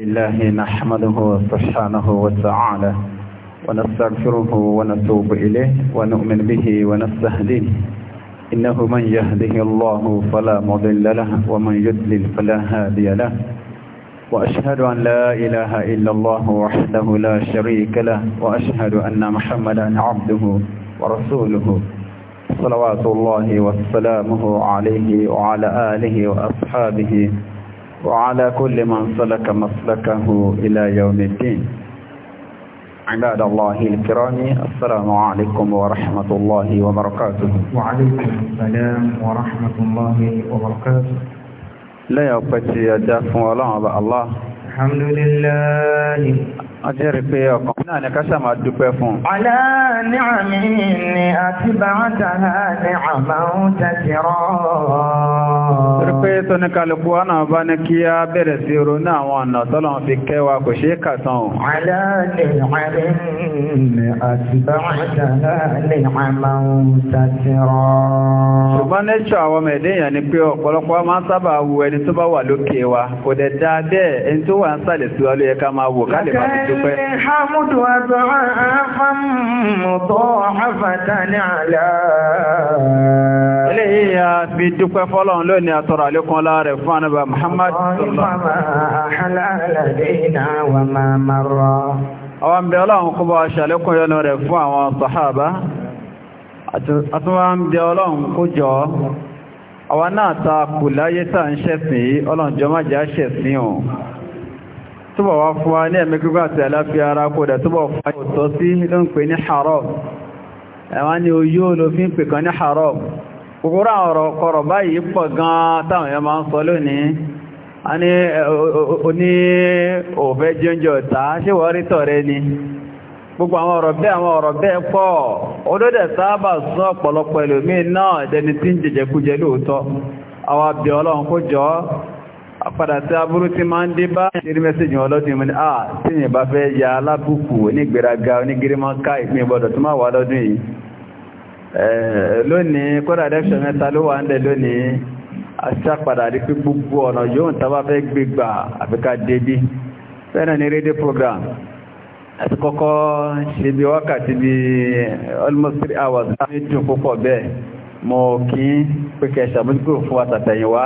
الله نحمده سبحانه وتعالى ونستغفره ونتوب إليه ونؤمن به ونستهديه إنه من يهده الله فلا مضل له ومن يضلل فلا هادي له وأشهد أن لا إله إلا الله وحده لا شريك له وأشهد أن محمدا عبده ورسوله صلوات الله وسلامه عليه وعلى آله وأصحابه وعلى كل من سلك مسلكه إلى يوم الدين عباد الله الكرام السلام عليكم ورحمة الله وبركاته وعليكم السلام ورحمة الله وبركاته لا يوقف يا جاف ولا الله الحمد لله a ti pé ọkàn náà ní káṣà máa dúpẹ́ fún. Àlá ní àmì ni àti bá ń tàrà ní àmà ń tẹ̀sírọ́. Rí pé tóníkàlùkù wá náà bá ní kí á bẹ̀rẹ̀ sí ronú àwọn ọ̀nà tọ́lọ̀ fi kẹwa kò ṣe kàtàn. Àlá ní àmì ni àti bá ń tàrà ní àmà ń tẹ̀sírọ́. Ṣùgbọ́n nẹ́ṣọ́ àwọn ọmọ ẹ̀dẹ́ ni pé ọ̀pọ̀lọpọ̀ máa ń sábà wa. Kò dẹ̀ dáa bẹ́ẹ̀ ẹni tó adúpẹ́. Ẹni Hamudu Adọ́rọ̀ Afámùtọ́ Afátàní Àlá. Eléyìí a fi dúpẹ́ fọ́lọ́run lónìí àtọrọ àlékún ọlá rẹ̀ fún Anábà Muhammad. Àwọn bí ọlọ́run kó bá ṣàlékún yọnu rẹ̀ fún àwọn sàhábà. Àtúnwà ń ọlọ́run kó jọ àwọn náà ta kù láyé tàà ń ṣẹ̀sìn ọlọ́njọ́ májá ṣẹ̀sìn ọ̀hún túbọ̀ wá fún wa ní ẹ̀mí kíkọ́ àti àláfíà ara kó dẹ̀ túbọ̀ fún wa tọ́ sí ló ń pè ní haram ẹ̀wọ́n ni oyó ló fi ń pè kan ní haram kòkòrò àwọn ọ̀rọ̀ kọ̀rọ̀ báyìí pọ̀ gan táwọn èèyàn máa ń sọ lónìí a ní oní òfẹ́ jíoúnjẹ ọ̀tá ṣé wọ́n rí tọ̀rẹ ni gbogbo àwọn ọ̀rọ̀ bẹ́ẹ̀ àwọn ọ̀rọ̀ bẹ́ẹ̀ pọ̀ olódẹ̀ sábà sún ọ̀pọ̀lọpọ̀ ẹlòmíì náà dẹni tí ń jẹjẹkújẹ lóòótọ́ àwọn abẹ́ ọlọ́run kó jọ padà tí aburú ti máa ń dé bá ṣeré mẹ́sẹ̀jì ọlọ́dún ìmọ̀ ní à tí yìí bá fẹ́ ya alábùkù onígbèraga onígírímọ̀ ká ìpín ìbọ̀dọ̀ tó máa wà lọ́dún yìí lónìí kódà dẹ́kṣọ̀ mẹ́ta ló wà ń lẹ lónìí aṣápadà rí pé gbogbo ọ̀nà yóò tàbá fẹ́ gbégbà àfikà débí fẹ́rẹ̀ ní rédíò program àti kọ́kọ́ ṣe bí wákàtí bí almost three hours láti dùn púpọ̀ bẹ́ẹ̀ mọ̀ kí pẹ́kẹ́ ṣàmójúkò fún àtàtẹ̀yìnwá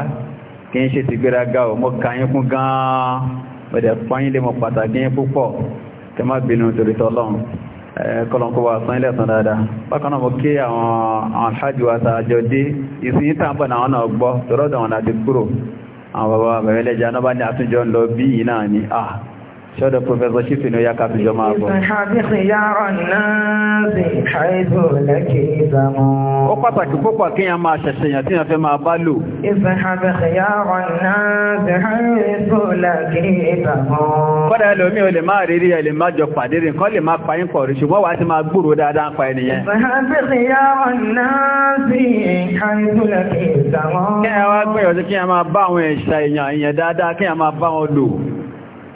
kí n ṣe ti gbéraga ò mọ́ kàáyín kún gan-an mẹ́dẹ̀ pọ́yín lè mọ̀ pàtàkì púpọ̀ kẹ má bínú torí tọ́lọ́run kọlọ̀kọwà sán ilẹ̀ dáadáa bákan náà mo kí àwọn alhaji wa ta àjọ dé ìsìn tá ń bọ̀ náà náà gbọ́ tọ́rọ́dọ̀ wọn láti kúrò àwọn bàbá bẹ̀rẹ̀ lẹ́jà náà bá ní àtúnjọ ń lọ bí yìí ni ah ṣọ́dọ̀ Professor Shifin ó yá ká fìjọ máa bọ̀. Ó pàtàkì púpọ̀ kí a máa ṣẹ̀ṣẹ̀yàn tí a fẹ́ máa bá lò. Kọ́dà ẹlòmí o lè máa rírí ẹ lè máa jọ pàdé rìn kọ́ lè máa pàyín pọ̀ rí ṣùgbọ́n wà á ti máa gbúrò dáadáa ń pa ẹniyẹn. Kí a wá pẹ̀yọ̀ sí kí a máa bá àwọn ẹ̀ṣà èèyàn ìyẹn dáadáa kí a máa bá wọn lò.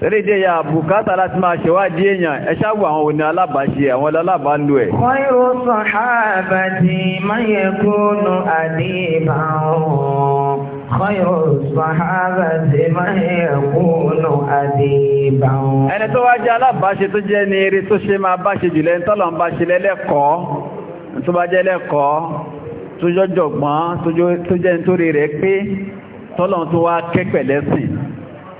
Eré dé ya bùkátà láti máa ṣèwádìí èèyàn, ẹ ṣáàwò àwọn òní alábàáṣe àwọn alábàálù ẹ̀. Wọ́n yóò sọ ààbà tí máyẹ kúnnù àdìbà ọ̀hún. Wọ́n yóò sọ ààbà tí máyẹ kúnnù Ẹni tó wá jẹ́ alábàáṣe tó jẹ́ ní eré tó ṣe máa báṣe jùlẹ̀ ń tọ́lọ̀ ń báṣe lẹ́lẹ́kọ̀ọ́, tó bá jẹ́ lẹ́kọ̀ọ́, tó jọ́jọ̀gbọ́n, tó jẹ́ nítorí rẹ̀ pé tọ́lọ̀ tó wá kẹ́pẹ̀lẹ́sìn.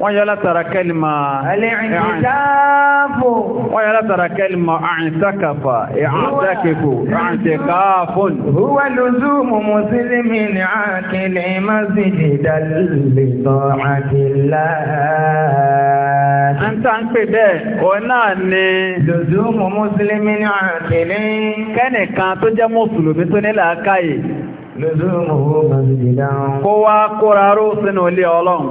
wọ́n yọ látara kẹlìmà ẹ̀ẹ́ntẹ́káàfò wọ́n yọ látara kẹlìmà ẹ̀ẹ́ntẹ́kàfà ẹ̀ẹ́ntẹ́kẹfò ẹ̀ẹ́ntẹ́káàfòn huwa luzumu muslimi ní àkílẹ̀ masjidi dalilẹ̀ tọ́àkìlá ń tàn pè bẹ́ẹ̀ o náà ni luzumu muslimi ní àkílẹ̀ kẹ́nìkan tó jẹ́ mùsùlùmí tó nílà Kó wá kóra ró sínú ilé ọlọ́run.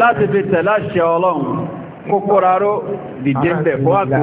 Láti fi tẹ̀ láṣẹ ọlọ́run, kó kóra ró dìde ń bẹ̀ kó wá kó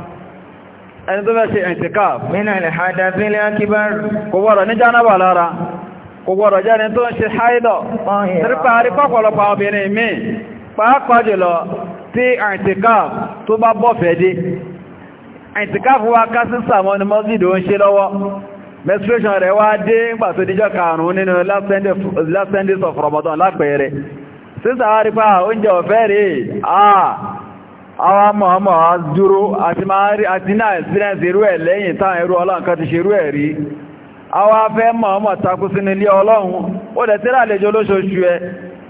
ẹni tó fẹ́ ṣe ẹ̀ntìkáf mínà lè hádá sí ilé akíbárù kò gbọ́rọ̀ ní jánábà lára kò gbọ́rọ̀ jẹ́ni tó ń ṣe háìdọ̀ nípàárí pọ́pọ̀lọpọ̀ obìnrin mi pàápàá jùlọ tí ẹ̀ntìkáf tó bá bọ́fẹ́ dé ẹ̀ntìkáf wá ká sí sàmọ́ ni mọ́sídò ń ṣe lọ́wọ́ menstruation rẹ̀ wá dé nígbà tó díjọ́ karùn-ún àwọn mọ̀ọ́mọ̀ dúró àti máa rí àti náà experience irú ẹ̀ lẹ́yìn táà irú ọlọ́nkan ti ṣe irú ẹ̀ rí àwọn afẹ́ mọ̀ọ́mọ̀ takú sínú ilé ọlọ́run ó dẹ̀ tíra lè jọ lóṣooṣù ẹ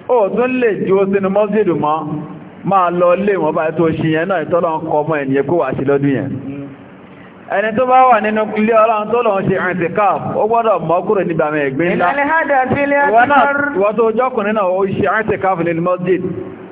ó tún lè jù ó sínú mọ́sídù mọ́ máa lọ lè wọ́n bá tó ṣe yẹn náà ìtọ́lọ́ ń kọ ọmọ ènìyàn kó wà sí ẹni tó bá wà nínú ilé ọlọ́run tó lọ ṣe ìrìntìkáf ó gbọ́dọ̀ mọ́ kúrò níbi àmì ìwọ́n tó jọ́kùnrin náà ó ṣe ìrìntìkáf nínú mọ́sídì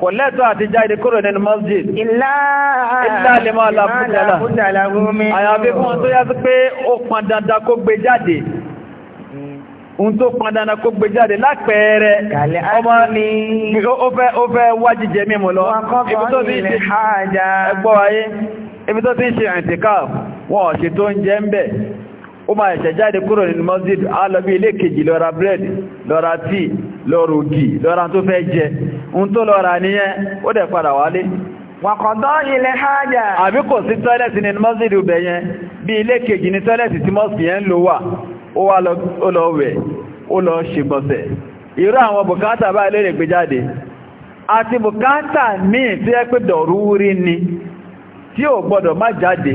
kò lẹ́tọ́ àti jáde kúrò nínú masjid illa lima alábúdàlá àyàfi fún tó yá sí pé ó pọn dandan kó gbé jáde ohun tó pọn dandan kó gbé jáde lápẹẹrẹ ọmọ ó fẹ́ wá jíjẹ lọ ibi tó ti ń ṣe àìtíkà wọ́n ṣe tó ń jẹ ń bẹ̀ ó máa ẹ̀ṣẹ̀ jáde kúrò nínú masjid á lọ bí ilé kejì lọ́ra bírẹ́dì lọ́ra tí lọ́ra ògì lọ́ra tó fẹ́ jẹ ohun tó lọ́ra níyẹn ó dẹ̀ padà wálé wàkọ̀dọ́ ilẹ̀ hajjá àbí kò sí tọ́lẹ̀tì nínú masjid ubẹ̀ yẹn bí ilé kejì ní tọ́lẹ̀tì tí ó ni tí ò gbọ́dọ̀ má jáde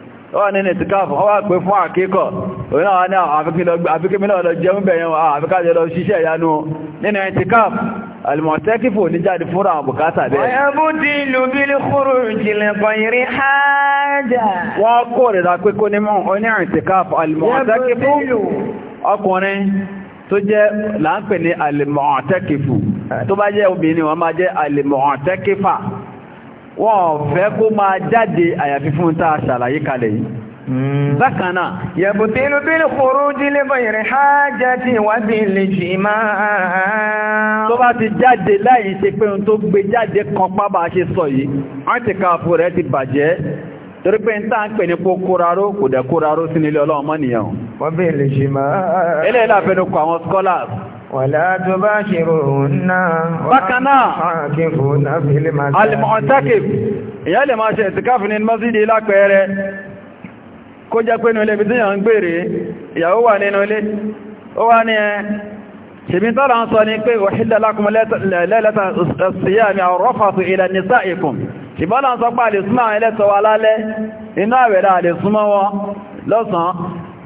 wọ́n ní ní tìkáàfù wọ́n wá pé fún àkíkọ̀ òun náà ní àfikímílọ̀ lọ jẹun bẹ̀yẹn àfikájẹ́ lọ ṣiṣẹ́ ìyanu nínú tìkáàfù alìmọ̀tẹ́kífò ní jáde fúnra àbùkátà bẹ́ẹ̀. ọ̀yẹ́bù ti ìlú bí ní kúrò ìjìnlẹ̀ pọ̀nyìrí hájà. wọ́n kò rẹ̀dà pé kó ní mọ́ onírin tìkáàfù alìmọ̀tẹ́kífò ọkùnrin tó jẹ́ là ń pè ní alìmọ̀tẹ́kífò tó bá jẹ́ obìnrin wọ́n máa jẹ́ alìmọ̀tẹ́kífà wọ́n fẹ́ kó máa jáde àyàfi fún tá a ṣàlàyé kalẹ̀ yìí hmm. bákanáà yẹ̀bù tí inú bí kòrò jílé bẹ̀rẹ̀ ha jẹ́ ti ìwádìí lè jì máa tó bá ti jáde láì ṣe pé ohun tó gbé jáde kan pábà ṣe sọ yìí wọ́n ti káàfù rẹ̀ ti bàjẹ́ torí pé ń tàn pè ní kó kóraró kò dẹ̀ kóraró sí nílé ọlọ́ọ̀mọ́ nìyàn wọ́n bẹ̀rẹ̀ lè jì máa Wàlá tó bá ṣe ròhùn náà bákan náà àkíkò náà fi lè máa alìmọ̀ọ́tàkì ìyá lè máa ṣe ìtìkáfì ní mọ́sídìí lápẹẹrẹ kó jẹ́ pé nílé ibi tí yàn ń gbèrè ìyàwó wà nínú ilé ó wá ní ẹ ṣèmi tọ́rọ ń sọ ní pé òhìlẹ̀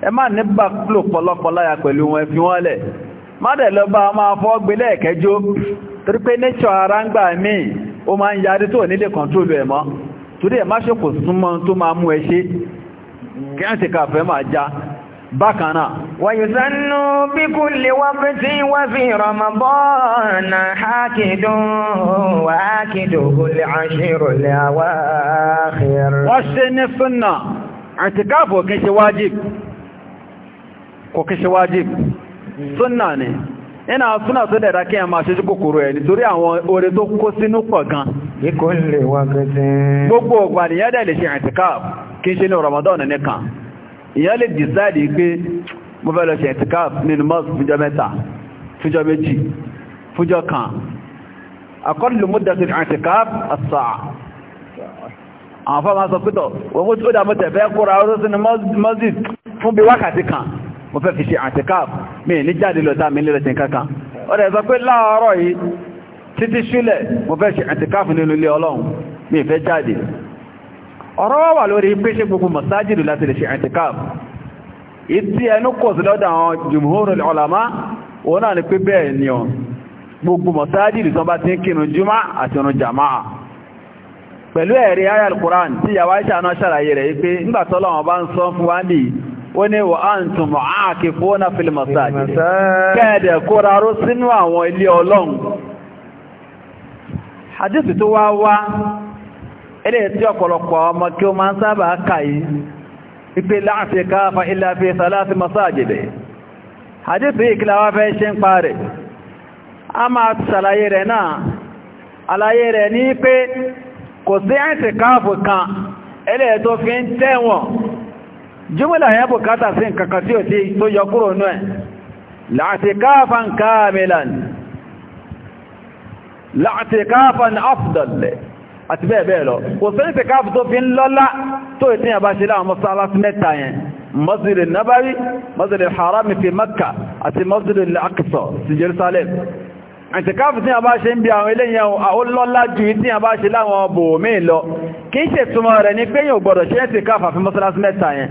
ẹ má ní bá kúlò pọ̀lọpọ̀láyà pẹ̀lú wọn fi wọ́n lẹ̀ má dẹ̀ lọ bá máa fọ́ gbélẹ̀ ẹ̀kẹ́jó torí pé nature ara ń gbà míì ó máa ń yarí tó nílé kọ̀ntólù ẹ̀mọ́ torí ẹ̀ má ṣe kò súnmọ́ tó máa mú ẹ ṣe kí ṣe wájìbì kò kí ṣe wájib súnà ni ina súnà tó dẹ̀dá kí ẹ máa ṣe kòkòrò ẹ̀ nítorí àwọn oore tó kó sínú pọ̀ gan ikú lè wá gẹ́gẹ́ gbogbo ọgbà nìyẹn dẹ̀ lè ṣe i'tikaf kí ṣe ní Ramadan nìkan ìyẹn lè dìsáàdì pé mo fẹ́ lọ ṣe i'tikaf nínú mọ́sù fújọ mẹ́ta fújọ méjì fújọ kan aqallu muddati i'tikaf as-sa'a àwọn fọ́nmá sọ pítọ̀ wọ́n mú tí ó dá fẹ́ kóra ọdún sínú mọ́sù fún bí wákàtí kan mo fẹ́ fi ṣe àtìkáàfù mi ní jáde lọ mi lè rẹ̀sìn kankan ọ̀rẹ́ sọ pé láàárọ̀ yìí títí ṣúlẹ̀ mo fẹ́ ṣe àtìkáàfù nínú ilé ọlọ́run mi fẹ́ jáde ọ̀rọ̀ wà lórí pé ṣe gbogbo masájìdù láti ṣe ti pẹ̀lú ẹ̀rí tí yàwá ìṣàná ṣàlàyé rẹ̀ wípé bá ń sọ fún ó wa wà á ń tún mọ̀ áàkì fún fílìmọ̀sáàjì kẹ́ẹ̀dẹ̀ kóra ró sínú àwọn ilé ọlọ́run àdísì tó wá wá ilé tí ọ̀pọ̀lọpọ̀ ọmọ kí o máa ń sábà kàí ipé láàfin káàfà ilẹ̀-afẹ́ sàláàfin mọ̀sáàjì rẹ̀ àdísì ìkìlá wá fẹ́ ṣe ń pa rẹ̀ a máa ṣàlàyé rẹ̀ náà àlàyé rẹ̀ ní pé kò sí kan ilé tó fi ń tẹ́wọ̀n jùmọ́lá yẹn bùkátà sí nǹkankan tí ó to tó yọ kúrò ní ẹ̀ la'atikafan kamilan la'atikafan afdal àti bẹ́ẹ̀ bẹ́ẹ̀ lọ kò sẹ́ni ti káàfù tó fi ń lọ́lá tó ìtíyàn bá ṣe láwọn mọ́sálásí mẹ́ta yẹn masjidil nabawi masjidil harami fi makka àti masjidil aqsa sí jerusalem ìtìkáàfù tí a bá ṣe ń bí àwọn eléyàn àwọn lọ́lá jù tí a bá ṣe láwọn bòmí lọ kìí ṣe túnmọ̀ rẹ̀ ní pé yóò gbọ́dọ̀ ṣe ń tìkáàfù àfi mọ́sálásí mẹ́ta yẹn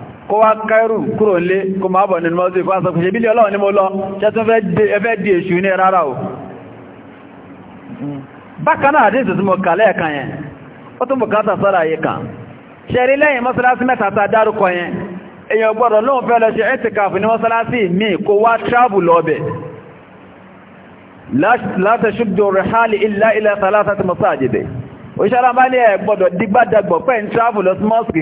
kó wá kẹrù kúrò lé kó máa bọ̀ nínú mọ́sí fún àṣọ́kùn ṣe bí lé ọlọ́run ní mo lọ ṣẹ́tún ẹfẹ́ di èṣù ní rárá o bákan náà àdíṣẹ́ tí mo kà lẹ́ẹ̀kan yẹn ó tún bùkátà sọ́rọ̀ ayé kan ṣẹ̀rí lẹ́yìn mọ́sálásí mẹ́ta mi kó wá tíráàbù lọ́bẹ̀ látẹ̀ṣùgbò rẹ̀ hálì ilá ilẹ̀ sàlátà ti mọ́sáàjì dẹ̀ òṣèlú abálẹ̀ gbọ́dọ̀ dígbàdàgbọ̀ pẹ́ ń tíráàbù lọ sí mọ́sùkì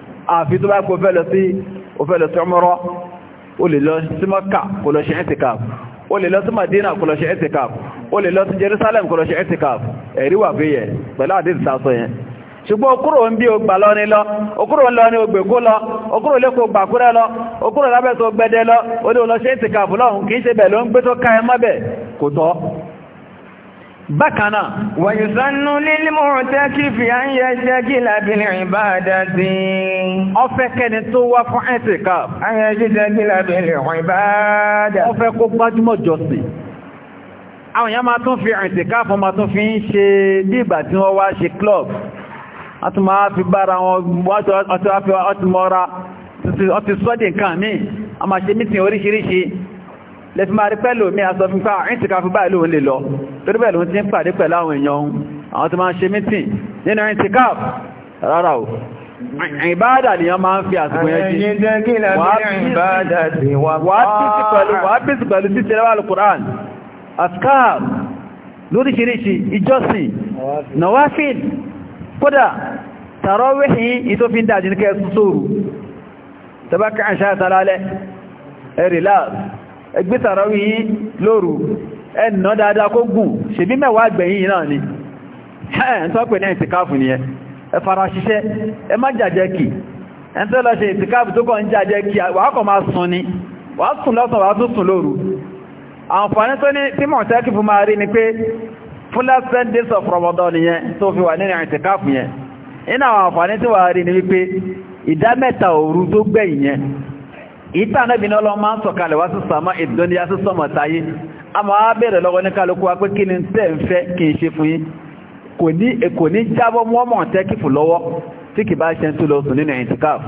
àfi tó bá kó fẹ́ lọ sí òfẹ́lẹ̀ sí ọmọrọ́ o lè lọ sí Mọ́kà kó lọ o lè lọ sí Madina kó lọ ṣe ẹ́tìkàp o lè lọ sí Jerusalem kó lọ ṣe ẹ́tìkàp ẹ̀rí wà fi yẹ pẹ̀lú àdéhùn sásọ yẹn ṣùgbọ́n okúrò ń bí ogbà lọ ní lọ okúrò ń lọ ní ogbèkó lọ okúrò lẹ́kọ̀ọ́ gbàkúrẹ́ lọ okúrò lábẹ́ tó bákanáà wàyí sánú lílmù tẹ́kì fi à ń yẹ ṣẹ́kì lábìnrin ìbáadá sí ọfẹ́ kẹni tó wá fún ẹ̀sìká ayẹ́ ṣẹ́kì lábìnrin ìbáadá ọfẹ́ kó gbájúmọ̀ jọsìn àwọn èèyàn máa tún fi ẹ̀sìká fún ma tún fi ń ṣe dìgbà tí wọ́n wá ṣe club ọtún máa fi bára wọn ọtún mọ́ra ọtún sọ́dì nǹkan míì a máa ṣe mítìn oríṣiríṣi lẹ́fí máa rí pẹ́lú mi a sọ fún pé àrín ti ká fún báyìí lóun lè lọ torí pẹ̀lú ti ń pàdé pẹ̀lú àwọn èèyàn ohun àwọn tó máa ń ṣe mítìn nínú àrín ti káàp rárá o ìbáadà nìyàn máa ń fi àsìkò yẹn jí wà á bísí pẹ̀lú títí rẹwà alukuran askar lóríṣiríṣi ìjọsìn nawafil kódà tààrọ wíhìn ìtófin dájí ní kẹ́ẹ̀sùn sóòrù tàbákà àṣà àtàlálẹ̀ ẹ̀rìláàsì ẹgbẹ́ tàràwí loro, lóru ẹnà dáadáa kó gùn ṣebí mẹ́wàá gbẹ̀yìn náà ni ẹ̀ ń tọ́pẹ̀ ní ìtìkáàfù ni ẹ ẹ fara ṣiṣẹ́ ẹ má jàjẹ́ kì ẹ ń lọ ṣe ìtìkáàfù tó kọ́ ń jàjẹ́ kì wà kọ̀ máa sùn ni wà sùn lọ́sàn wà tún sùn lóru àǹfààní tó ní ni pé fún last of Ramadan ni ìta náà bínú ọlọ́mọ máa ń sọ̀kalẹ̀ wá sí sàmà ìdóníyà sí sọmọ̀ táyé a máa bẹ̀rẹ̀ lọ́wọ́ ní kálukú wa pé kí ni tẹ́ ń fẹ́ kí n ṣe fún yín kò ní jábọ́ mọ́mọ̀ tẹ́kìfù lọ́wọ́ tí kì bá ṣe ń tó lọ nínú ẹ̀yìn tìkáàfù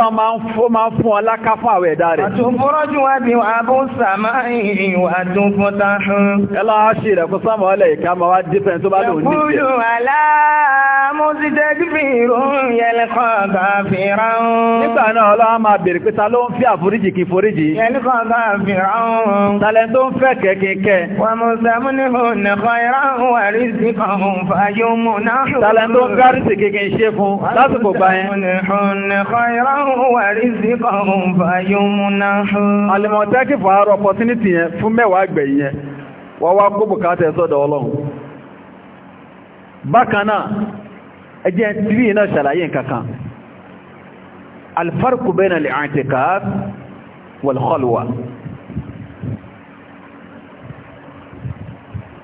Ọlọ́run máa ń fún máa ń fún rẹ̀. Àtúnfọ́rọ́jú wá bí wà bó sàmá fún táhùn. Ẹ ṣe ìrẹ̀kún sámọ̀ ọlẹ̀ ìka wá dípẹ̀ tó bá lò ní ìjẹ́ wà rí opportunity yẹn fún mẹ́wàá àgbẹ̀ yẹn wọ́n wá kó bùkátà ẹ̀sọ́dọ̀ ọlọ́run bákanáà ẹjẹ́ tírí náà ṣàlàyé kankan alfarku bẹ́ẹ̀nà lè àìtẹ̀kàá wàlúkọlùwà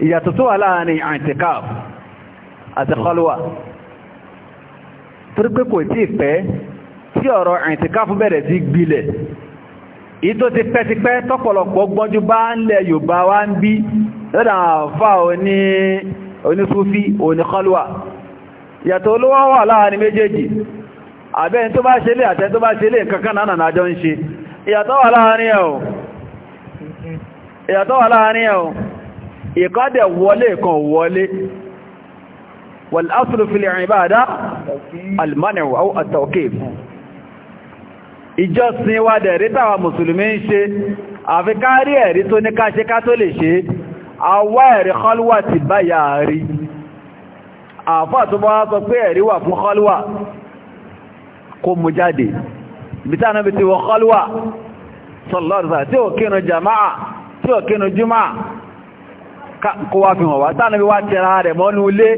ìyàtọ̀ tó wà láàrin àìtẹ̀kàá àti kọlùwà torípé kò tí pẹ́ tí ọ̀rọ̀ àìsíkáfù bẹ̀rẹ̀ sí gbilẹ̀ ìtò ti pẹ́tipẹ́ tọ́pọ̀lọpọ̀ gbọ́njú bá ń lẹ Yorùbá wá ń bí lọ́dà fà oní onísúfí oníkọlùwà yàtọ̀ olówó wà láàrin méjèèjì àbẹ́ni tó bá ṣe lé àtẹ́ tó bá ṣe lé kankan náà nàjọ ń ṣe ìyàtọ̀ wà láàrin ẹ̀ o ìyàtọ̀ wà láàrin ẹ̀ ìkọ́dẹ̀ wọlé kan wọlé wal aslu fil ibada ìjọsìn wa dẹ̀rí tàwa mùsùlùmí ń ṣe àfi kárí ẹ̀rí tó ní káṣe ká tó lè ṣe àwa ẹ̀rí kọlùwà ti báyà rí àfà tó bá sọ pé ẹ̀rí wà fún kọlùwà kó mú jáde ibi tánà bí ti wọ kọlùwà sọlọ́rọ̀sà tí ò kínu jama'a tí ò kínu juma kó wá fi hàn wá tánà bí wá tẹ́ra rẹ̀ mọ́nú ilé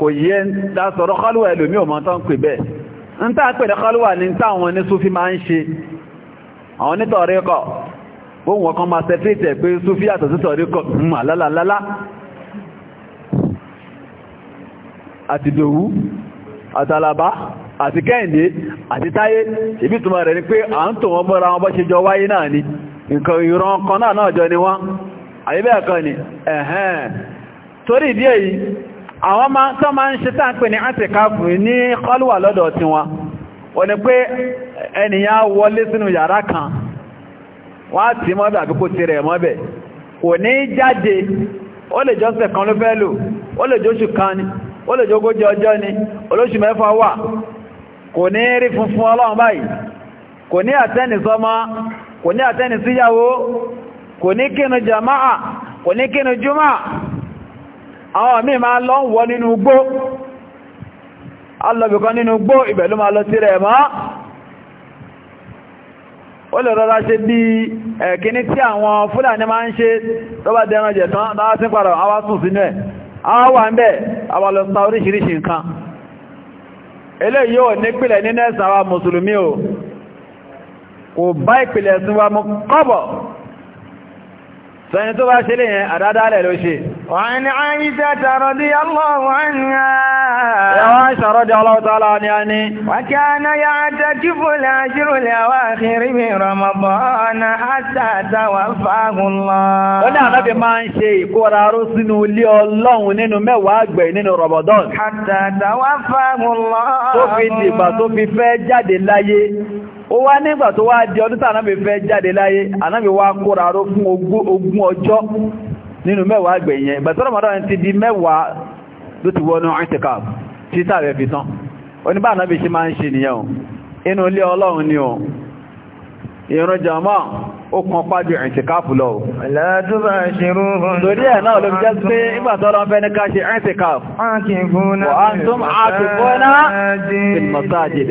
kò yẹ dá sọ̀rọ̀ kọlùwà ẹlòmí ò mọ́ tán pè bẹ́ẹ̀ ń tàà pẹ̀lẹ̀ kọlùwà ní táwọn ní súfí máa ń ṣe àwọn nítọ̀ríkọ̀ ohun ọ̀kan máa sẹ́fẹ́tẹ̀ e pé súfí àtọ̀ títọ̀ríkọ̀ mú hmm, àlálàlálá àti dòwú àtàlàbá àti kẹ́ǹdé àti táyé ibi túnmọ̀ rẹ̀ ni pé à ń tò wọ́n mọ́ra wọn bọ́ ṣe jọ wáyé náà ni nǹkan ìran kan náà náà jọ ni wọ́n àyíbẹ̀ ni ẹ̀hẹ́n torí ìdí èyí àwọn ma tọ́ ma ń ṣe táàpẹ̀ ní àtìkáàfù ní kọlùwà lọ́dọ̀ tí wọn wọ́n ni pé eniyan wọlé sínú yàrá kan wọ́n ti tí mọ́bẹ̀ àbíkò ti rẹ̀ mọ́bẹ̀ kò ní jáde ó lè jọ́sẹ̀ kan ló fẹ́ lò ó lè jóṣù kan ni ó lè jógójì ọjọ́ ni olóṣù mẹ́fà wà kò ní rí funfun ọlọ́run báyìí kò ní àtẹ́ni sọ́mọ àwọn míì máa lọ ń wọ nínú gbó alọ́bìkan nínú gbó ibẹ̀ ló máa lọ sí rẹ̀ mọ́ ó lè rọra ṣe bí ẹ̀kíní tí àwọn fúlàní máa ń ṣe lọ́bà dẹran jẹ̀ tán láwá sí pàrọ̀ àwa sùn sínú ẹ̀ àwa wà ń bẹ̀ àwa lọ sa oríṣiríṣi nǹkan eléyìí ò nípìlẹ̀ nínú ẹ̀sìn àwa mùsùlùmí o kò bá ìpìlẹ̀ ẹ̀sìn wa mú kọ́bọ̀ sọ́yìn tó bá ṣe lè yẹn àdádálẹ̀ ló ṣe wọ́n ni àìṣà tàrọdí aláwọ̀ àníyà yàwọ́n ṣàrọdí aláwọ̀tàlá ni a ní wàkíyàná ya àtàkìfò láàṣírò lẹ́wà àkírí mi rọmọbọ́ọ̀nà àtàtàwà fàáhùnlọ ó ní ànábì máa ń ṣe tó fi fẹ́ jáde láyé ó wá nígbà tó wá di ọdún tànábì fẹ́ jáde láyé ànábì wá kóra ró fún ogún ọjọ́ nínú mẹ́wàá gbẹ̀yẹn ìgbàtọ́ Ramadan ti di mẹ́wàá ló ti wọnú itikaf tí sáàrẹ̀ fi tán oníbà ànábì ṣe máa ń ṣe nìyẹn inú ilé ọlọ́run ni o ìrun jàmá ó kan pàdé wa antum aakifuna fil masajid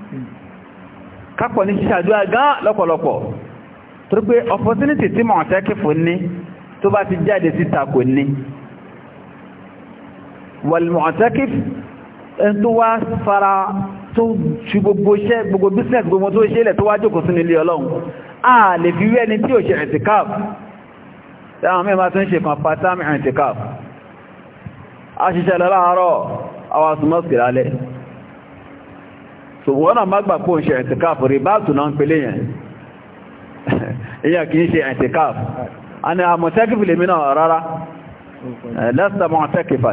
kápọ̀ ní ṣíṣàdúrà gán lọ́pọ̀lọpọ̀ torí pé opportunity tí mọ̀ tẹ́kì fún ní tó bá ti jáde síta kò ní wàlmọ̀tẹ́kì tó wá fara tó ṣu gbogbo iṣẹ́ gbogbo business gbogbo tó ṣe ilẹ̀ tó wá jókòó sínú ilé ọlọ́run a lè fi rí ẹni tí ò ṣe ẹ̀tìkáf táwọn mẹ́ma tó ń ṣe so náà má gbà pò ń ṣe ẹ̀tìkáàfù rí báàtù náà ń pelé yẹn ìyà kìí ṣe ẹ̀tìkáàfù a ni a ah, mọ̀tẹ́kìfì lè mìíràn rárá eh, lẹ́sẹ̀ mọ̀tẹ́kìfà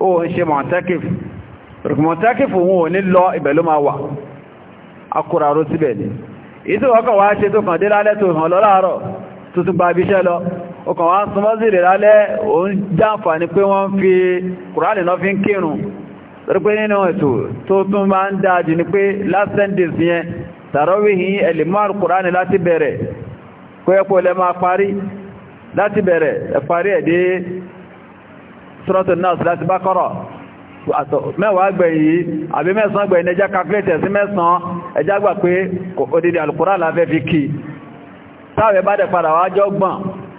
ó ń ṣe mọ̀tẹ́kìfì lọ lọ òun jáǹfà ni pé wọ́n fi kùránì náà fi ń torípé nínú ètò tó tún máa ń dáadì ní pé last sentence yẹn yẹn tàrọwìhì ẹlìmọ́rù kùránì láti bẹ̀rẹ̀ kó ẹkọ́ lẹ máa parí láti bẹ̀rẹ̀ ẹ̀dẹ́ sọ́rọ̀tọ̀ náà láti bá kọ́rọ̀ àbí mẹ́sàn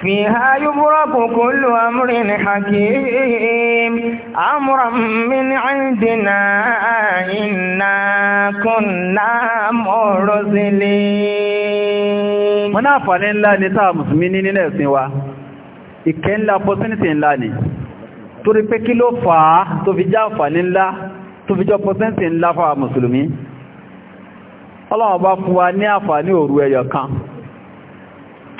فيها يفرق كل أمر حكيم أمرا من عندنا إنا كنا مرسلين wọ́n náà fàní ńlá ní táà mùsùlùmí ní nílẹ̀ ẹ̀sìn wa ìkẹ́ ńlá opportunity ńlá ni torí pé kí ló fàá tó fi já fàní ńlá tó fi jọ opportunity ńlá fàá mùsùlùmí ọlọ́wọ́ bá fún wa ní àfàní òru ẹyọ kan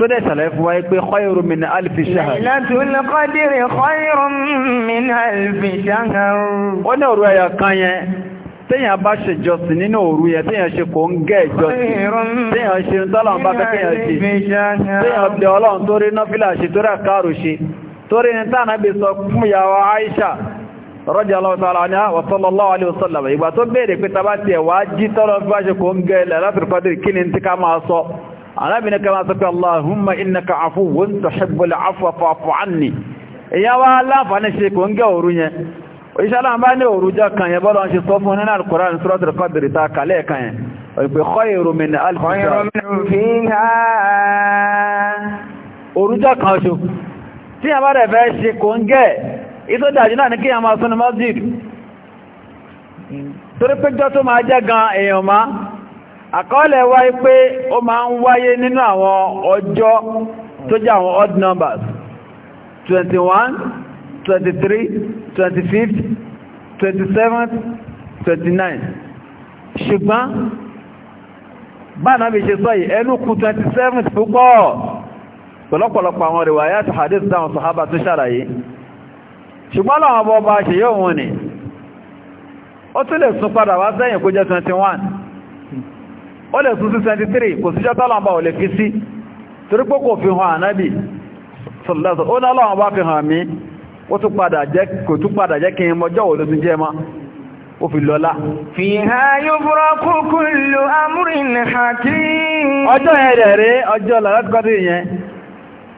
tó dẹ̀ ṣàlàyé fún wa pé khayrun min alfi shahr. Lailatul Qadr khayrun min alfi shahr. ó ní òru ẹ̀yà kan yẹn téèyàn bá ṣe jọsìn nínú òru yẹn téèyàn ṣe kò ń gẹ́ ìjọsìn téèyàn ṣe ń tọ́lọ̀ bá fẹ́ kéèyàn ṣe téèyàn bẹ ọlọ́run torí nọ́fílà ṣe torí àkárò ṣe torí ní tánà bí sọ fún ìyàwó ìgbà tó béèrè pé tabá tiẹ̀ jí tọ́lọ̀ ń gẹ́ ilẹ̀ látìrìkọ́dì kí ni tí ká máa sọ arábìnrin kan wá sọ pé Allahumma innaka afuwwun tuhibbul afwa fa'fu anni ìyá wá láǹfààní ṣe kò ń gẹ́ òru yẹn òṣìṣẹ́ aláàbá ní òrùjọ kan yẹn bọ́lọ́ ṣe sọ fún nínú Al-Qur'an Suratul Qadr ta kàlẹ́ kan yẹn òpè khayru min alfi òrùjọ kan jẹ́ gan èèyàn àkọọ́lẹ̀ wá pé ó máa ń wáyé nínú àwọn ọjọ́ tó jẹ́ àwọn odd numbers 21 23 25 27 29 ṣùgbọ́n Ba na ṣe sọ yìí ẹnu kù 27 púpọ̀ pẹ̀lọ́pọ̀lọpọ̀ àwọn rìwáyà tó hadith dáwọn sọ̀hábà tó ṣàlàyé ṣùgbọ́n láwọn ọba ọba ṣe yóò wọn ni ó tún lè sún padà wá sẹ́yìn kó jẹ́ 21 o le tún sí 23 kò síjọ́ tọ́lọ̀mbà ò lè fi sí torípò kò fi hàn ànábì sọ̀lọ́sọ̀ ó náà lọ́wọ́n bá fi hàn mí ó tún padà jẹ́ kò tún padà jẹ́ kí n jẹ́ ó fi lọ́lá ha ọjọ́ yẹn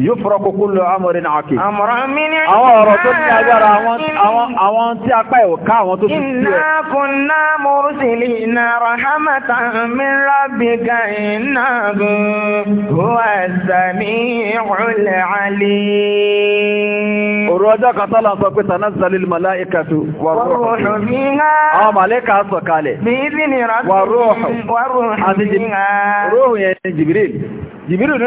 yúfúrọ́kù kúlù amúrin àkè. Àwọn ọ̀rọ̀ tó ní agbára àwọn tí apá ẹ̀wò ká àwọn tó tún sí ẹ̀. Iná kunna mursilina rahmatan min rabbika innahu huwa as-sami'ul 'alim. Òru ọjọ́ kan Bí ìdíni rọ́bì wa ruhu fiha. Àti Jibril. Ruhu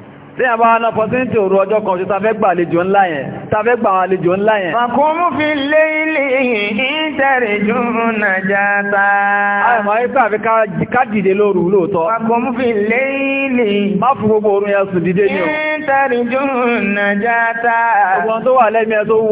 tí a bá wọn náà fọ́sí tí òru ọjọ́ kan ṣe tafẹ́ gbà àlejò ńlá yẹn tafẹ́ gbà àwọn àlejò ńlá yẹn. fàkúmù fi lé ilé ìtẹ̀rẹ̀ jù nàjà ta. àìmọ̀ ayé pé àfi ká dìde lóru lóòótọ́. fàkúmù fi lé ilé. má fún gbogbo òru yẹn sùn dídé ni o. ìtẹ̀rẹ̀ jù nàjà ta. ọgbọ́n tó wà lẹ́mí ẹ tó wo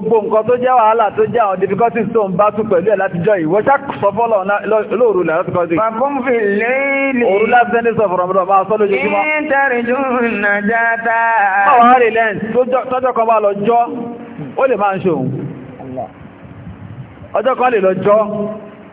gbogbo nǹkan tó jẹ́ wàhálà tó jẹ́ àwọn difficulties tó ń bá tún pẹ̀lú ẹ̀ láti kọ́sí. fàkún fi léèlì. òru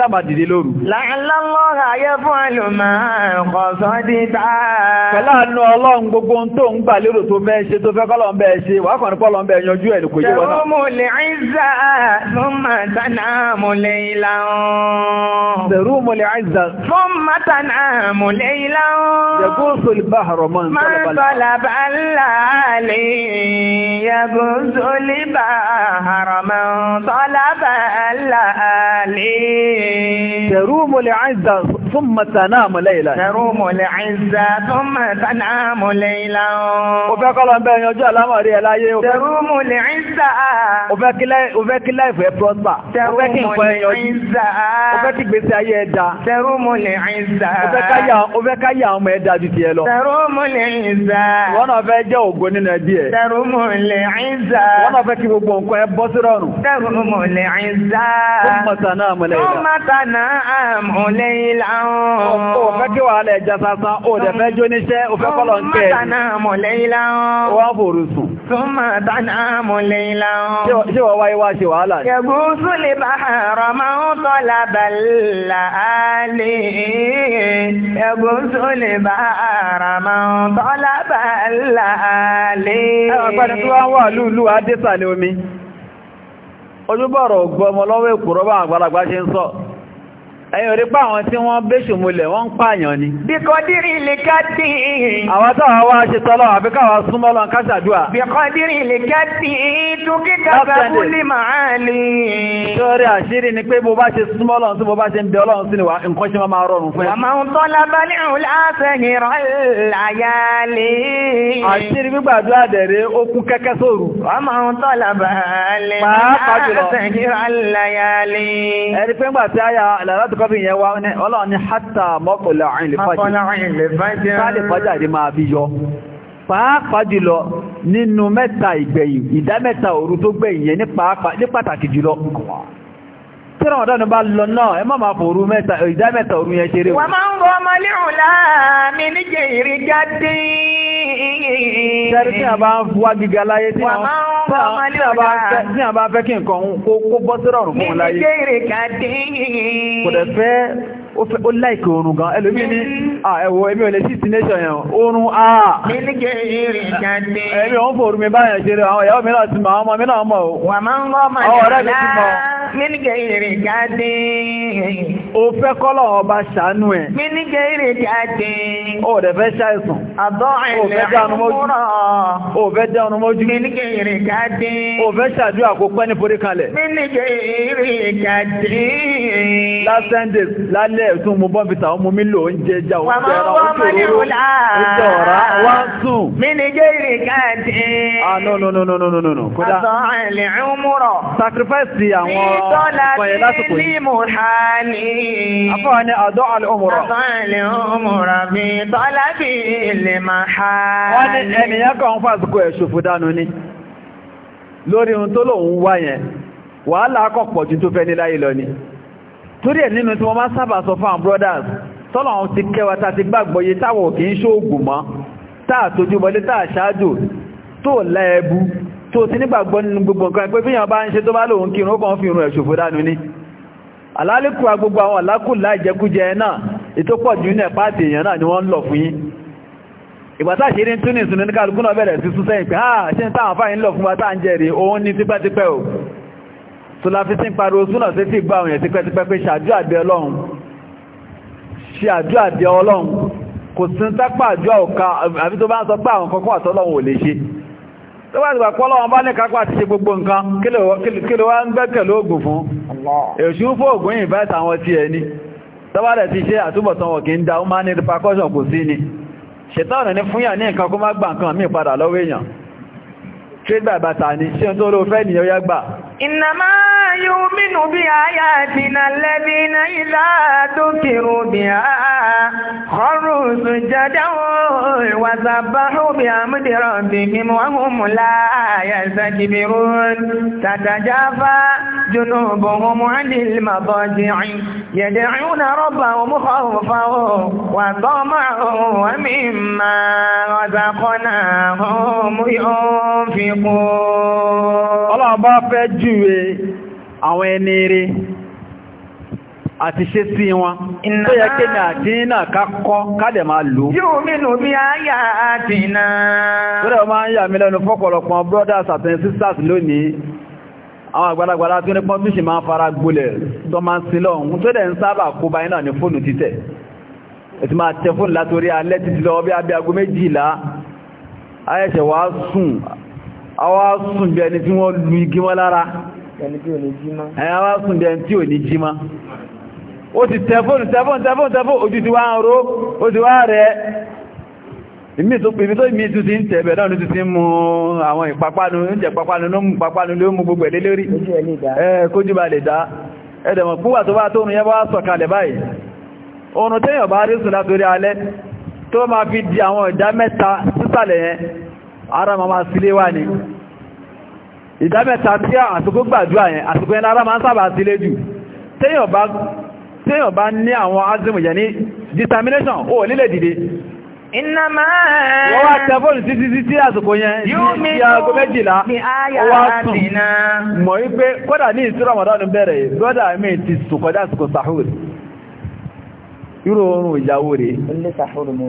Sábàdìdì lóru. Láàlọ́lọ́rọ̀ ọlọ́run gbogbo ń tó ń gbà lérò tó fẹ́ ṣe tó fẹ́ kọ́lọ̀ ń bẹ́ ṣe, wà kàn pọ́lọ̀ ń bẹ́ yanjú ẹ̀ kò yé náà. Ṣẹ̀rúmù lè ń zà fún màtánà عليم تروم العزة ثم تنام ليلا تروم العزة ثم تنام ليلا وفاك الله بين يجعل أمري لا تروم العزة وفاك لا وفاك لا في بروسبا وفاك العزة وفاك بس يدا تروم العزة وفاك يا وفاك يا أم يدا جتيلو تروم العزة وانا فاجا وقولنا نبيه تروم العزة وانا فاك بقول كوي بصرانو تروم العزة Ọmọ tànà àmúlẹ̀ ìlà. Ọmọ tànà àmúlẹ̀ ìlà. Ó fẹ́ kí wà lẹ̀ jasasa, sásán, ó dẹ̀ fẹ́ jó níṣẹ́, ó fẹ́ kọ́lọ̀ ń kẹ́. Ọmọ tànà àmúlẹ̀ ìlà. Wọ́n fòrò sùn. Ọmọ tànà àmúlẹ̀ ìlà. Ṣé wọ́n wáyé wá ṣe wàhálà ni? Yẹ̀bù Súlẹ̀ bá àrọ̀ máa ń tọ́lá bàlá àlè. Yẹ̀bù Súlẹ̀ bá àrọ̀ máa ojúbọ̀rọ̀ ògbọ́mọ lọ́wọ́ èkùrọ́ bá àgbàlagbà ṣe ń sọ ẹ̀yìn orí pa àwọn tí wọ́n bẹ́ṣù múlẹ̀ wọ́n ń pààyàn ni. bíkọ́dírì lè kẹ́tì. àwọn táwọn wá ṣe tọ́lọ́ àbí káwà súnmọ́ lọ kásàdúà. bíkọ́dírì lè kẹ́tì dúkítà bàbúlì màálì. sórí àṣírí ni pé bó bá ṣe súnmọ́ lọ tí bó bá ṣe ń bẹ ọlọ́run sí ni wà nǹkan máa ń tọ́lá kọ́bí yẹn wá ní ọlọ́run ní hátà mọ́kànlá àìlèfàjì tí rọ̀mọ̀dọ́nù bá lọ náà ẹ má máa fòrú ìdá mẹ́ta òru yẹn ṣeré wọ́n máa ń rọ ọmọ lẹ́rùn láàmì níjẹ̀ ìrìjáde tẹ́rí tí a bá ń fúwá gíga láyé tí wọ́n máa ń tí a fẹ́ kí nǹkan kó bọ́ sí rọrùn fún láyé kò dẹ̀ fẹ́ ó láìkì oorun gan ẹlòmí ní ẹ̀wọ̀ ẹ̀mí ò sí ìsinẹ́ṣọ̀ yẹn oorun àà ẹ̀mí òun fòrú mi báyẹ̀ ṣeré àwọn ìyàwó mi láti ma ọmọ mi náà mọ̀ ó fẹ́ kọ́lọ̀ ọba ṣàánú ẹ̀. mi ní gẹ́rì jáde. ó dẹ̀ fẹ́ ṣàìsàn. àbọ̀ ẹ̀lẹ́ àmúrọ̀. ó fẹ́ dá ọ̀nà mọ́jú. mi ní gẹ́rì jáde. ó fẹ́ ṣàdúrà àkópẹ́ ní forí kalẹ̀. mi ní gẹ́rì jáde. last ten days lálẹ́ ẹ̀sùn mu ọmọ mi lò ń jẹ ẹja òun jẹ ẹran ó tòrò ó jẹ ọ̀rá wá ń sùn. mi ní gẹ́rì jáde. ah no no no no no no no kódà. àbọ̀ ẹ̀lẹ́ àmúrọ̀. sacrifice Afọ́ni àdọ́ al'umura. Afọ́ni al'umura mi tọ́lá bí ilẹ̀ máa ha. Wọ́n ní ẹniyàn kan fàzùkú ẹ̀ ṣòfò dánú ní. Lórí ohun tó lòun wá yẹn, wàhálà kọ̀ pọ̀ jù tó fẹ́ ní láyé lọ ni. Torí ẹ̀ nínú tí wọ́n máa sábà sọ fún brothers, tọ́lọ̀ ti kẹwàá ta ti gbàgbọ́ yé táwọ̀ kì í ṣóògùn mọ́, táà tójú bọlé táà ṣáájò, tó láẹbu, tó ti nígbàgbọ́ nínú gbogbo alálẹ́kùnwà gbogbo àwọn àlákù láìjẹkújẹ náà ìtópọ̀ jù ní ẹ̀pá àti èèyàn náà ni wọ́n ń lọ fún yín ìgbàtà ṣe ní túnì ìsúnni ní kálukú náà bẹ̀rẹ̀ sí súnsẹ́ ìpé àà ṣe ń táwọn fáyín lọ fún wa táà ń jẹ́rì òun ní tipẹ́tipẹ́ ò tó láfi sí tó wà nígbà pọ́lọ́ wọn bá ní kápá àti ṣe gbogbo nǹkan kí ló wá ń gbẹ́kẹ̀lé ògùn fún èṣù ń fún ògùn yìí báyìí àwọn tí ẹni tọ́bàdẹ̀ ti ṣe àtúbọ̀tán wọ̀ ń da ó máa ní repercussion kò sí ni ṣètọ́nà ní fúnyà ní nǹkan kó má gbà nǹkan ni ṣe ìnàmá yóò mínú bí ayá ti nà lẹ́bí iná ìlà tó kìrò bí a ọrù sùjọ́dáwò ìwàsàbáhù bí a múdìrọ̀ bí i mọ́hùnmù láàyà ìsàkìbìrò tàtàjáfà jùnú bọ̀hùnmù àdìlmàbọ̀jì يدعون ربهم خوفا وطمعا ومما رزقناهم ينفقون الله بافجي àpèjúwe àwọn ẹni rí àti ṣe sí wọn tó yẹ kí ní àdínà ká kádẹ̀ máa lò yóò mínú bí ayà àdínà rẹ̀ máa ń yà mí lẹ́nu fọ́pọ̀lọpọ̀ brothers àti sisters lónìí àwọn àgbàlagbàlá tó ní pọ́n máa fara gbolẹ̀ tó àwa sùn bí ẹni tí wọ́n lu igi mọ́ lára àwa sùn bí ẹni tí ò ní jímá ó ti tẹfóònù tẹfóònù tẹfóònù tẹfóònù ojú ti wá ń ro ó ti wá rẹ̀ ìmí tó pè mí tó ìmí tó ti ń tẹ̀bẹ̀ náà ni ti ti mú àwọn ìpapánu ń jẹ papánu ló mú papánu ló mú gbogbo ẹ̀lé lórí kójú bá lè dá ẹ̀dẹ̀mọ̀ púpà tó bá tó oòrùn yẹn bá sọ̀kalẹ̀ báyìí oòrùn tẹ́yàn bá rí sùn látorí alẹ́ tó máa fi di àwọn ìdá mẹ́ta sísàlẹ̀ yẹn ara ma máa sílé wá ní ìdámẹ́ta tí àsìkò gbàdúrà yẹn àsìkò yẹn lára máa ń sábà sílé jù téèyàn bá ní àwọn azimu yẹn ní determination ó nílẹ̀ dìde iná máa wọ́n wá tẹ́fóònù títí títí àsìkò yẹn ní aago méjìlá ó wá mọ̀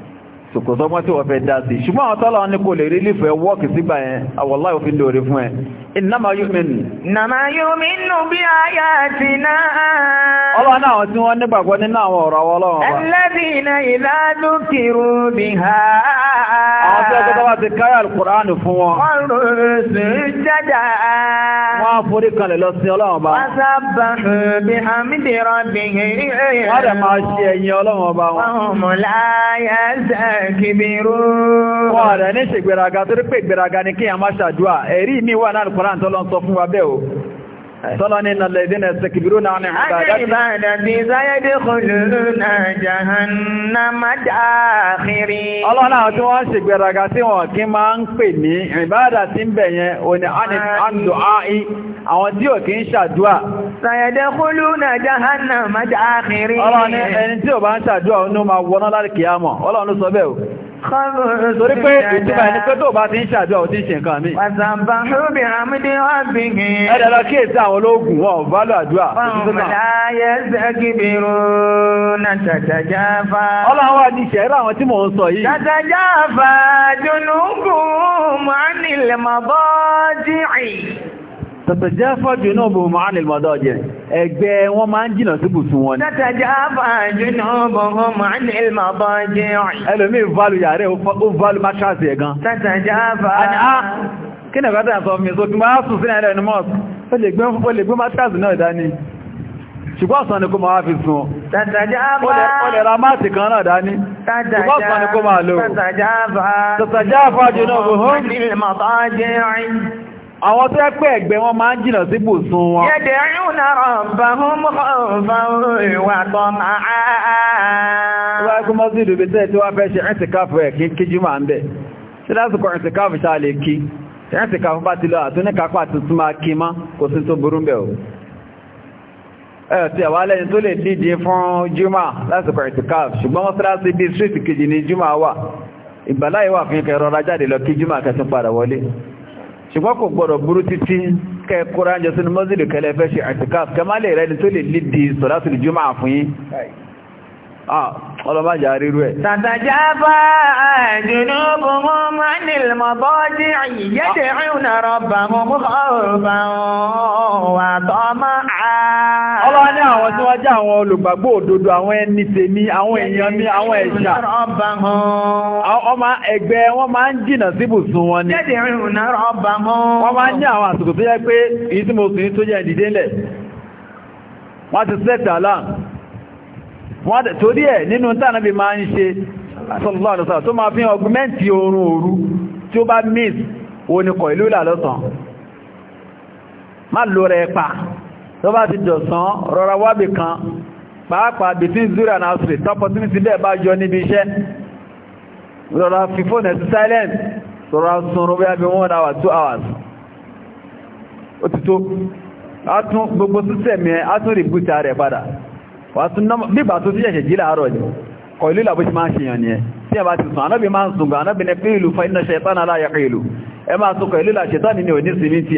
sòkòtò mọ́ tí wọ́n fẹ́ dá sí ṣùgbọ́n àwọn tọ́lọ ní kò lè rí lífẹ́ wọ́ọ̀kì sígbà yẹn àwọ̀lá òfin lóore fún ẹ innama yu'minu innama yu'minu bi ayatina ọlọ́nà àwọn tí wọ́n nígbàgbọ́ nínú àwọn ọ̀rọ̀ ọlọ́run alladhina idha dhukiru biha àwọn tí ọjọ́ bá ti káyà al-Qur'an fún wọn wọ́n forí kanlẹ̀ lọ sí ọlọ́run bá wọ́n wọ́n dẹ̀ máa ṣe ẹ̀yìn ọlọ́run bá wọn kìbìrú. Wọ́n rẹ̀ ní ṣègbèraga torí pé ìgbèraga ni kí a máa ṣàdúà. Ẹ̀rí mi wà náà Kùránì tó lọ sọ fún wa bẹ́ẹ̀ o tọ́lá ní ìnàlẹ̀ ìdínà ẹ̀sẹ̀kìbìrò náà ní ìbádàtí záyẹ́dẹ́ kòlùrùn àjàhannama dáàkiri ọlọ́nà tí wọ́n ṣe gbẹ̀rọ̀gá tí wọ́n kí máa ń pè ní ìbádà tí ń bẹ̀ yẹn òní àndò áì àwọn tí ò kí ń ṣàdúà Torí pé ìtumọ̀ ẹni pé tó bá ti ń ṣàdúrà ò ti ń ṣe nǹkan mi. Wàzàmbà ṣúbì àmìdí ọ̀bìnì. Ẹ̀dẹ̀ lọ kí èsì àwọn ológun wọn bá lọ àdúrà. Ọlọ́run tàtàjáfà jùnúbù máa ní ìmọ̀dájẹ́ ẹgbẹ́ wọn máa ń jìnà sí bùsùn wọn ni tàtàjáfà jùnúbù máa ní ìmọ̀dájẹ́ ẹlòmí ìválù yàrá ó válù mákàtì ẹ̀gan tàtàjáfà kí ni ọ̀gá tàbí ọmọ ìsọ́kí máa sùn sí ẹ̀rẹ́ ẹni mọ́ọ̀sì ó lè gbé mákàtì náà dání ṣùgbọ́n ọ̀sán ni kó máa fi sun ó lè ra máàtì kan náà dání ṣùgbọ́n ọ̀sán ni kó máa lò tàtàjáfà jùnúbù àwọn tó ẹ́ pé ẹ̀gbẹ́ wọn máa ń jìnà sí bùsùn wọn. yẹ́dẹ̀ ẹ̀rùn náà rọ̀bà hún rọ̀bà ìwà tọ́ máa ààrùn. wọ́n kú mọ́sí ìdòbí tẹ́ tí wọ́n fẹ́ ṣe ẹ̀ǹtìkáfù ẹ̀ kí kíjú máa ń bẹ̀. ṣe lásìkò ẹ̀ǹtìkáfù ṣáà lè kí ẹ̀ǹtìkáfù bá ti lọ àtúnníkápá tuntun máa kí má kò sí tó burú bẹ̀ o. ẹ̀ tí àwọn alẹ́ni tó lè díje fún juma lásìkò ẹ̀ǹtìkáfù ṣùgbọ́n mọ́sálásí bíi street kejì ní juma wà ìgbàláyé wà fún kẹrọra jáde lọ kí juma kẹtún padà wọlé ṣùgbọ́n kò gbọ́dọ̀ burú títí kẹ́ẹ̀kọ́ra ń jọ sínú mọ́sílù kẹlẹ́fẹ́ ṣe àtìkáf kẹ má lè rẹni tó lè lídìí sọ̀látùl jùmọ̀ àfún Ah, ọlọ́májà rírú ẹ̀. tàtàjá bá àjùnú gbogbo máa ní yẹ́dẹ̀ ìrìnà rọ̀bà mọ́mú ọ̀rọ̀bà wà tọ́ máa ọlọ́ ní àwọn tí wọ́n jẹ́ àwọn olùgbàgbọ́ òdodo àwọn ẹni tèmi àwọn èèyàn àwọn ẹ̀ṣà ọmọ ẹgbẹ́ wọ́n máa ń jìnà síbùsùn wọn ni wọ́n máa ń ní àwọn àsìkò tí wọ́n wọ́n dẹ̀ torí ẹ̀ nínú tánàbí máa ń ṣe asọ́lọ́lọ́sọ́ tó máa fi ọgbẹ́ntì oorun òru tí ó bá miss oníkọ̀ ìlú ìlàlọ́sàn má lò rẹ̀ pa tó bá ti jọ̀sán rọra wábì kan pàápàá between zura and asiri tọ́pọ̀tínítì bẹ́ẹ̀ bá jọ níbi iṣẹ́ rọra fi fóònù sí silent rọra sunrun bí i one hour two hours ó ti tó a tún gbogbo sísẹ̀mí ẹ a tún rìbúta rẹ̀ padà wà tún náà bíbà tó tí ẹ̀ṣẹ̀ jí láàárọ̀ jù kọ̀lú ìlàbó ti máa ń ṣe yàn ní ẹ tí ẹ bá ti sùn anábì máa ń sùn gan anábì ní pé ìlú fa iná ṣẹ̀tán aláyàkà ìlú ẹ máa sùn kọ̀lú ìlà ṣẹ̀tán ní òní sí ní tí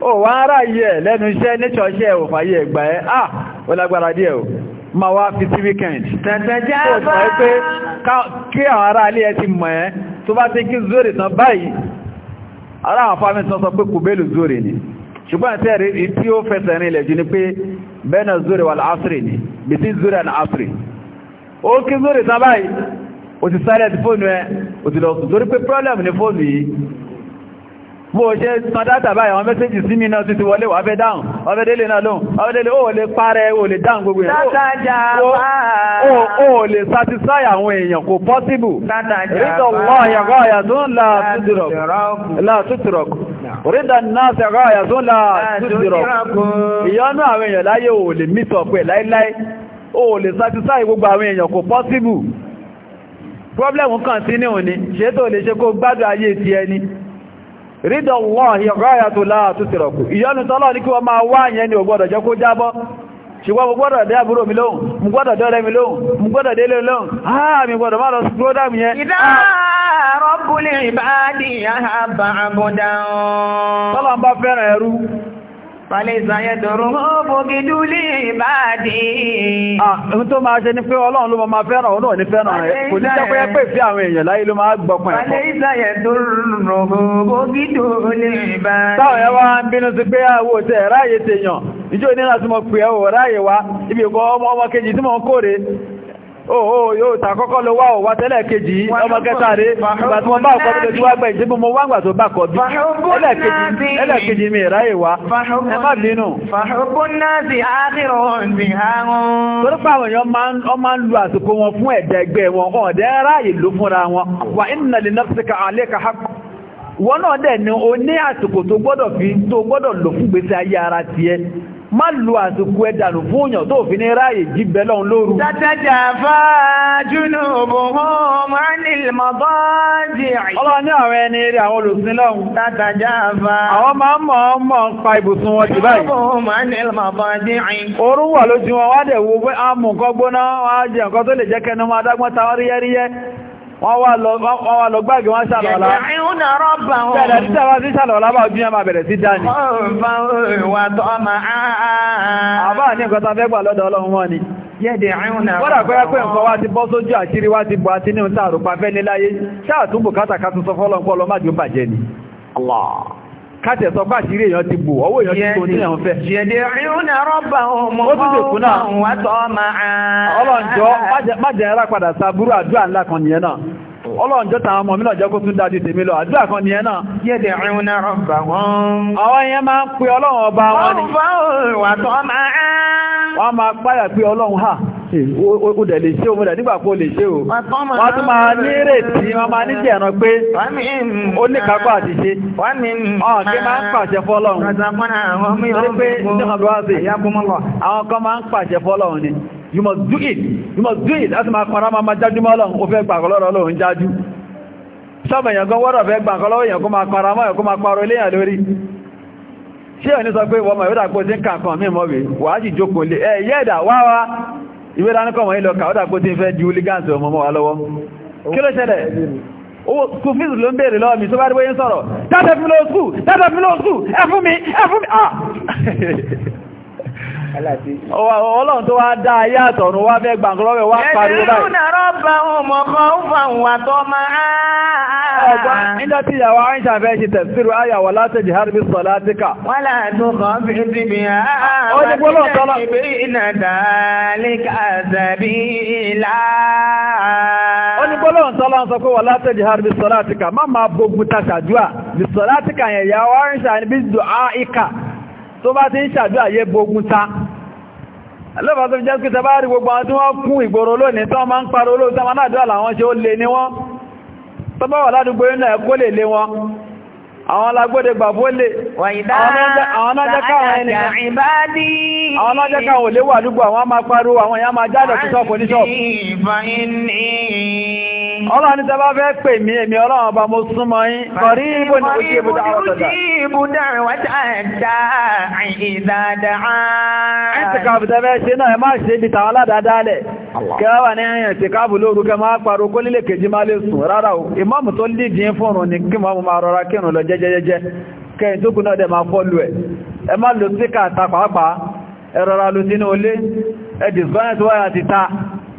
ó wá ah ó lágbára díẹ̀ o máa wá fi sí weekend kí àwọn ará alé ẹ ti mọ̀ ẹ́ tó bá ti kí zóòrè tán báyìí ará àwọn fámi tán rìn ilẹ̀ jù ni pé bẹ́ẹ̀nà zúrì wà láásìrì ní bí sí zúrì àná àásìrì ó kí zúrì sábáyìí ó ti sáré ti fóònù ẹ ó ti lọ sùn torí ní fóònù yìí bó ṣe tán dátà báyìí àwọn mẹ́sẹ́jì sí mi náà tún ti wọlé wà fẹ́ dáhùn ọfẹ́délé náà lóhùn ọfẹ́délé ó lè parẹ́ ó lè dáhùn gbogbo ẹ̀ ó lè satisfy àwọn èèyàn kò possible rídọ̀ lọ́ọ̀yà la tútùrọ̀k rídọ̀ náà gáyà tó ń la tútùrọ̀k ìyọ́nú àwọn èèyàn láyé ò lè meet up pẹ̀ láíláí ó lè satisfy gbogbo àwọn possible problem kan sí ní òní ṣe tó lè ṣe kó gbádùn ayé ti ẹni rídà Allahi gáyàtò láàtú tìrọ̀kù ìyọ́nù tọ́lọ̀ ní kí wọ́n máa wá yẹn ni ò gbọ́dọ̀ jẹ́ kó jábọ́ ṣùgbọ́n mo gbọ́dọ̀ dé àbúrò mi lóhùn mo gbọ́dọ̀ dọ́rẹ́ mi lóhùn mo gbọ́dọ̀ délé lóhùn àà ah, mi gbọ́dọ̀ má lọ sí program yẹn ìdá rọ́bùlì ìbáàdì àhàbà àbúdá ọ̀ Fàlẹ́sà yẹ́dọ̀rún òbògì dúlé ìbáàdì. Àwọn tó máa ṣe ní pé ọlọ́run ló máa fẹ́ràn ọ̀nà ní fẹ́ràn rẹ̀. Kò ní jẹ́ pé pè fí àwọn èèyàn láyé ló máa gbọ́pọ̀ ẹ̀kọ́. Fàlẹ́sà yẹ́dọ̀rún òbògì dúlé ìbáàdì. Táwọn ẹwà ń bínú ah, Oh, oh yóò ta kọ́kọ́ lọ wá ọ̀wá tẹ́lẹ̀ kejì ọmọ kẹta rẹ̀ ìgbà tí wọ́n bá ọkọ̀ lójú wá gbẹ̀ ìṣẹ́gbọ́n mo wáǹgbà tó bá kọ̀ bí ẹlẹ́kejì mi ráyè wá ẹ má bínú. torípa àwọn èèyàn máa ń lu àsìkò wọn fún ẹ̀dẹ̀ ẹgbẹ́ wọn ọ̀dẹ́ ráyè ló fúnra wọn wà inna li nafsika alayka haqq wọn náà ni o ní àsìkò tó gbọ́dọ̀ fi tó gbọ́dọ̀ lò fún gbèsè ayé ara tiẹ̀ má lù àsìkò ẹ̀dànù fún òyàn tó fi ní ráyè jí bẹ́lọ́un lóru. tàtàjà fàájúnù bùhún mánìl mọ́bọ́jì. ọlọ́wọ́ ní àwọn ẹni rí àwọn olùsìnlọ́un. tàtàjà fàájúnù. àwọn máa ń mọ̀ ọ́n mọ̀ ń pa wọ́n wá lọ gbáàgì wọ́n ṣàlọ́lá bẹ̀rẹ̀ títà wá sí ṣàlọ́lá bá ojú yẹn máa bẹ̀rẹ̀ sí dání àbá ní nǹkan tàbí ẹgbà lọ́dọ̀ ọlọ́run wọ́n ni wọ́dà pẹ́ pẹ́ nǹkan wá ti bọ́ sójú àṣírí wá ti bọ́ àti ní ìta àrùpa fẹ́ níláyé ṣáà túnbù sọ fọ́lọ́ káàtẹ̀ sọ bá ṣírí èèyàn ti bò ọwọ́ èèyàn ti ní ẹ̀hún fẹ́. jẹ̀dẹ̀ ríúnà rọ́bà ọmọ ọmọ wọn tọ́ máa. ọlọ́njọ́ ara padà sa burú àdúrà ńlá kan nìyẹn náà. ọlọ́njọ́ tàwọn ọmọ mílọ̀ jẹ́ kó tún dájú tèmi lọ àdúrà kan ni ẹ̀nà yẹ́dẹ̀ ẹ̀rùn ọba wọn àwọn ẹ̀yẹn máa ń pè ọlọ́run ọba wọn ni wọ́n máa páyà pé ọlọ́run hà ó dẹ̀ lè ṣe o mo dẹ̀ nígbà pé o lè ṣe o wọ́n tún máa ní ìrètí wọ́n máa ní jẹ́ ẹ̀ràn pé ó ní kápá àti ṣe ọ̀n kí máa ń pàṣẹ fọ́lọ́run ní pé àwọn kan máa ń pàṣẹ fọ́lọ́run ni you must do it you must do it That's láti máa kọ́ra máa jájú mọ́ ọlọ́run ó fẹ́ gbàkọ́lọ́rọ̀ ọlọ́run jájú sọ́bẹ̀ èèyàn gan wọ́rọ̀ fẹ́ gbàkọ́lọ́wọ́ èèyàn kó máa kọ́ra mọ́ ẹ̀kó máa pàrọ iléyàn lórí ṣé ẹni sọ pé wọ́n mọ̀ ìwé dàpọ̀ tí ń kàkan mí mọ́ wé wà á sì jókòó lé ẹ̀ yẹ́ẹ̀dà wá wá ìwé dáníkọ̀ wọ́n ilọ̀ kà ó dàpọ̀ tí ń fẹ́ ju hooligans ọmọ mọ́ wa lọ́wọ́ kí ló ṣẹlẹ̀ school fees ló ń bèèrè lọ́wọ́ mi tó bá rí wọ́n sọ̀rọ̀ dáadáa fi lọ school dáadáa fi lọ school ẹ fún mi ẹ fún mi ah ọlọ́run tó wá dá ayé àtọ̀run wá fẹ́ gbàǹkọ́lọ́wẹ̀ wá pariwo báyìí. ẹ̀sìn ìrúnà rọ́bà ọmọ kan ń fa òun àtọ́ máa. nígbà tí ìyàwó àìsà fẹ́ ṣe tẹ̀síru ayàwó láti jihar bí sọ láti kà. wọ́n là ń tó kàn fi ti bí i. ó ti gbọ́dọ̀ tọ́lọ́. ìbínà dàálí kàzàbí ìlà. ó ní gbọ́dọ̀ tọ́lọ́ sọ pé wọ́n láti jihar bí sọ láti kà má máa bógun ta ṣàdúrà bí sọ láti kà yẹn ìyàwó àìsà bí dùn á ìkà tó bá ti lọ́pàá tó jẹ́ kí tẹ rí gbogbo àwọn wọ́n kún ìgboro lónìí tán máa ń parọ́ olóòtú àwọn àdúrà làwọn ṣe ó lè ní wọ́n tó wà ládùúgbò iná ẹ̀kọ́ lè lé wọn àwọn alágbóde gbàbó lè àwọn ajẹ́káwọn ènìyàn àwọn Ọlọ́run ní fẹ́ pè mí ọlọ́run ọba mo súnmọ́ yín. Kọ̀rí ìbò ní ojú ṣe náà ẹ má ṣe ibi tàwọn aládàádálẹ̀. Kẹ́wàá wà ní ẹ̀yàn ẹ̀tìkáàbù lóru kẹ máa pariwo kó lílé kejì máa lè sùn rárá o. Ìmáàmù tó lídìí ń ni kí mọ́mù máa rọra kírun lọ tó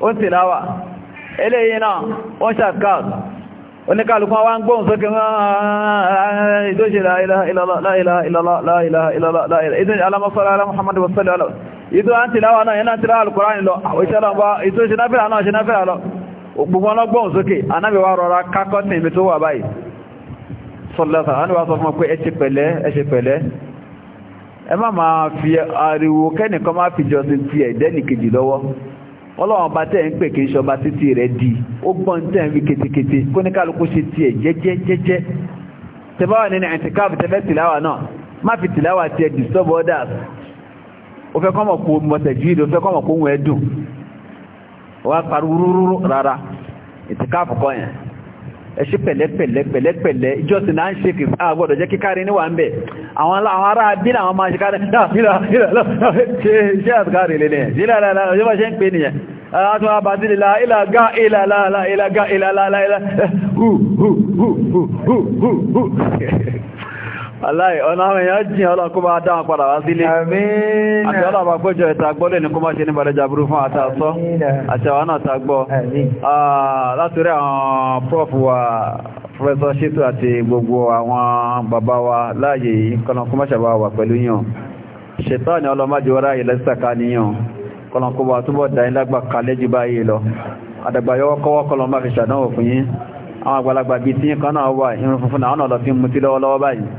ó ń tìláwà eléyìí náà ó ń ṣàtkáàt oníkàlùkún wá ń gbóhùn sókè gbogbo ọlọ́gbọ́n sókè anábíwá rọra kákọ́tì ibi tó ẹ ṣe máa fi ariwo kẹ́nìkan má fi jọ sí ti lọ́wọ́ ọlọ́wọ́n bá tẹ́ ń pè kí ṣọba títí rẹ̀ di ó gbọ́n tẹ́ ń fi ketekete kó ní kálukú ṣe tiẹ̀ jẹ́jẹ́ jẹ́jẹ́ tẹ́báwà nínú ẹ̀ǹtìkáàfù tẹ́fẹ́ tìláwà náà má fi tìláwà tiẹ̀ disturb others ó fẹ́ kọ́mọ̀ kó mọ̀tẹ̀ jù ìdó fẹ́ kọ́mọ̀ kó ń wẹ́ dùn wá parú rúrú rárá ẹ̀ǹtìkáàfù kọ́ yẹn ẹṣí pẹ̀lẹ́pẹ̀lẹ́ pẹ̀lẹ́pẹ̀lẹ́ ìjọsìn náà ń ṣe kìí àgbọ̀dọ̀ jẹ́ kíkárí níwà ń bẹ̀ àwọn ará bí àwọn máa ṣe kárí ṣe àtìkárí lè nìyẹn sí ìlàlàlà ọjọ́ bá ṣe ń pè nìyẹn àtún àbàdìlìlà ìlàgá ìlàlàlà ìlàgá ìlàlàlà Aláì ọ̀nà àwọn èèyàn jìn ọlọ́run kó bá dáwọn padà wá sílé. Àti ọlọ́run àgbójọ ìta gbọ́ lè ní kó má ṣe ní Bàrẹjà Burú fún àtàṣọ́, àti àwọn náà ta gbọ́. àwọn Prof wa, Professor Shitu àti gbogbo àwọn bàbá wa láàyè yìí, kọ́nà pẹ̀lú yàn.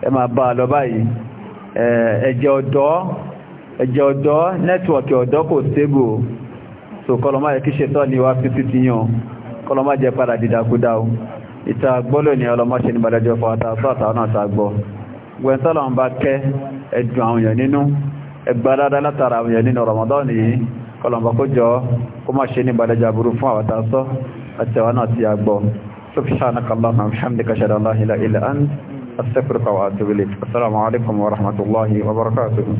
ẹ máa bá a lọ báyìí ẹ̀jẹ̀ ọ̀dọ́ ẹ̀jẹ̀ ọ̀dọ́ nẹ́tíwọ̀kì ọ̀dọ́ kò stébù so kọlọmá yẹ kí ṣe tọ́ ni wá fi títí yàn kọlọmá jẹ padà dìdàkúdà o ìta gbọ́lò ní ọlọmọ ṣe ní bàdájọ́ fún àtàtọ́ àtàwọn àtàgbọ́ gbẹ̀ntọ́lọ̀ ń bá kẹ́ ẹ̀dùn àwọn èèyàn nínú ẹgbàdádá látara àwọn èèyàn nínú Ramadan yìí kọlọmọ kó jọ kó má ṣe السفر وأتوب السلام عليكم ورحمة الله وبركاته